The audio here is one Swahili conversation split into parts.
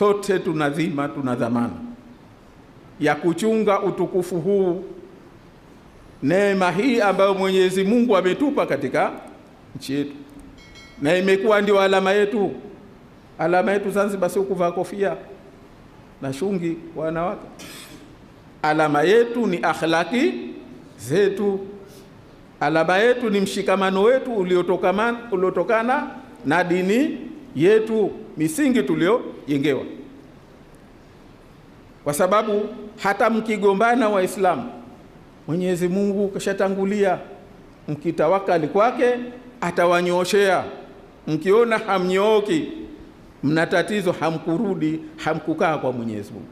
sote tuna dhima, tuna dhamana ya kuchunga utukufu huu, neema hii ambayo Mwenyezi Mungu ametupa katika nchi yetu, na imekuwa ndio alama yetu. Alama yetu Zanzibar sio kuvaa kofia na shungi wanawake. Alama yetu ni akhlaki zetu, alama yetu ni mshikamano wetu uliotokana na dini yetu, misingi tuliyojengewa, kwa sababu hata mkigombana Waislamu, Mwenyezi Mungu kashatangulia, mkitawakali kwake atawanyooshea. Mkiona hamnyooki, mna tatizo, hamkurudi, hamkukaa kwa Mwenyezi Mungu,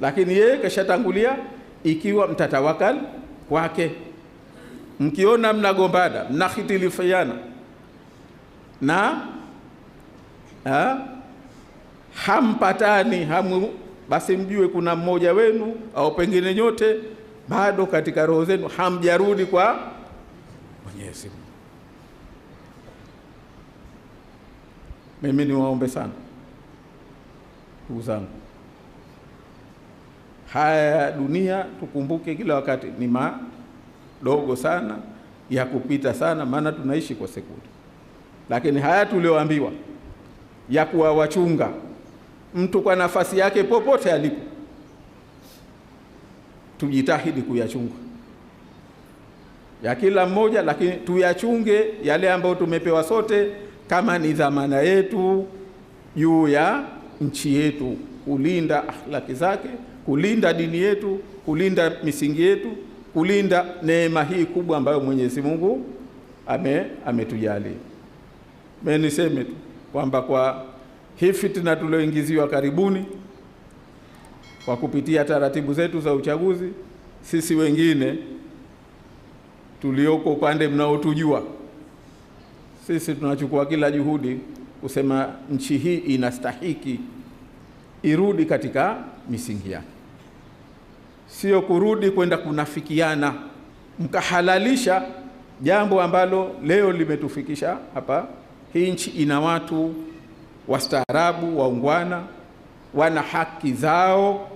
lakini yeye kashatangulia. Ikiwa mtatawakali kwake, mkiona mnagombana, mnahitilifiana na ha, hampatani hamu, basi mjue kuna mmoja wenu au pengine nyote bado katika roho zenu hamjarudi kwa Mwenyezi Mungu. Mimi niwaombe sana ndugu zangu, haya ya dunia tukumbuke kila wakati ni madogo sana ya kupita sana, maana tunaishi kwa sekunde. Lakini haya tulioambiwa ya kuwa wachunga mtu kwa nafasi yake popote alipo, tujitahidi kuyachunga ya kila mmoja, lakini tuyachunge yale ambayo tumepewa sote kama ni dhamana yetu juu ya nchi yetu, kulinda akhlaki zake, kulinda dini yetu, kulinda misingi yetu, kulinda neema hii kubwa ambayo Mwenyezi Mungu ame ametujalia. Me niseme tu kwamba kwa hii fitna tulioingiziwa karibuni kwa kupitia taratibu zetu za uchaguzi, sisi wengine tulioko upande mnaotujua, sisi tunachukua kila juhudi kusema nchi hii inastahiki irudi katika misingi yake, sio kurudi kwenda kunafikiana mkahalalisha jambo ambalo leo limetufikisha hapa. Hii nchi ina watu wastaarabu, waungwana, wana haki zao,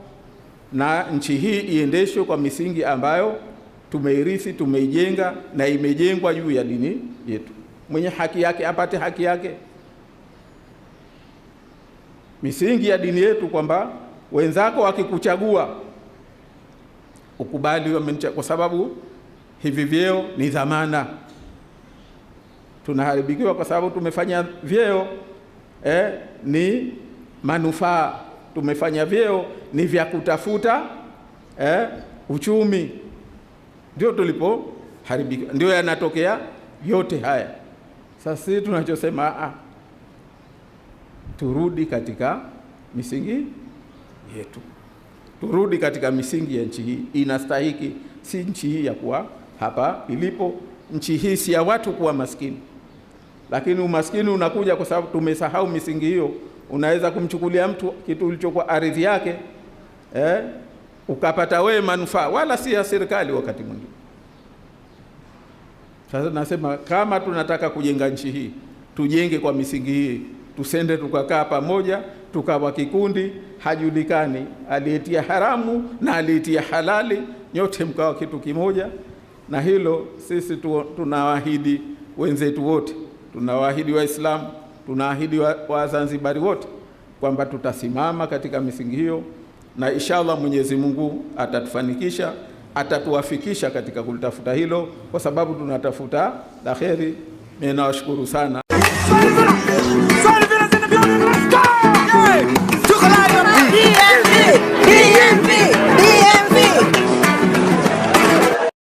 na nchi hii iendeshwe kwa misingi ambayo tumeirithi, tumeijenga na imejengwa juu ya dini yetu. Mwenye haki yake apate haki yake, misingi ya dini yetu, kwamba wenzako wakikuchagua ukubali, kwa sababu hivi vyeo ni dhamana tunaharibikiwa kwa sababu tumefanya vyeo eh, ni manufaa, tumefanya vyeo ni vya kutafuta eh, uchumi, ndio tulipoharibikiwa, ndio yanatokea yote haya. Sasa sisi tunachosema ah, turudi katika misingi yetu, turudi katika misingi ya nchi hii. Inastahiki si nchi hii ya kuwa hapa ilipo nchi hii si ya watu kuwa maskini, lakini umaskini unakuja kwa sababu tumesahau misingi hiyo. Unaweza kumchukulia mtu kitu kilichokuwa ardhi yake eh, ukapata wewe manufaa wala si ya serikali wakati mwingine. Sasa nasema kama tunataka kujenga nchi hii, tujenge kwa misingi hii, tusende tukakaa pamoja, tukawa kikundi, hajulikani aliyetia haramu na aliyetia halali, nyote mkawa kitu kimoja na hilo sisi tu, tunawaahidi wenzetu wote, tunawaahidi Waislamu, tunaahidi Wazanzibari wa wote kwamba tutasimama katika misingi hiyo, na inshallah Mwenyezi Mungu atatufanikisha, atatuwafikisha katika kulitafuta hilo, kwa sababu tunatafuta laheri. Mimi nawashukuru sana.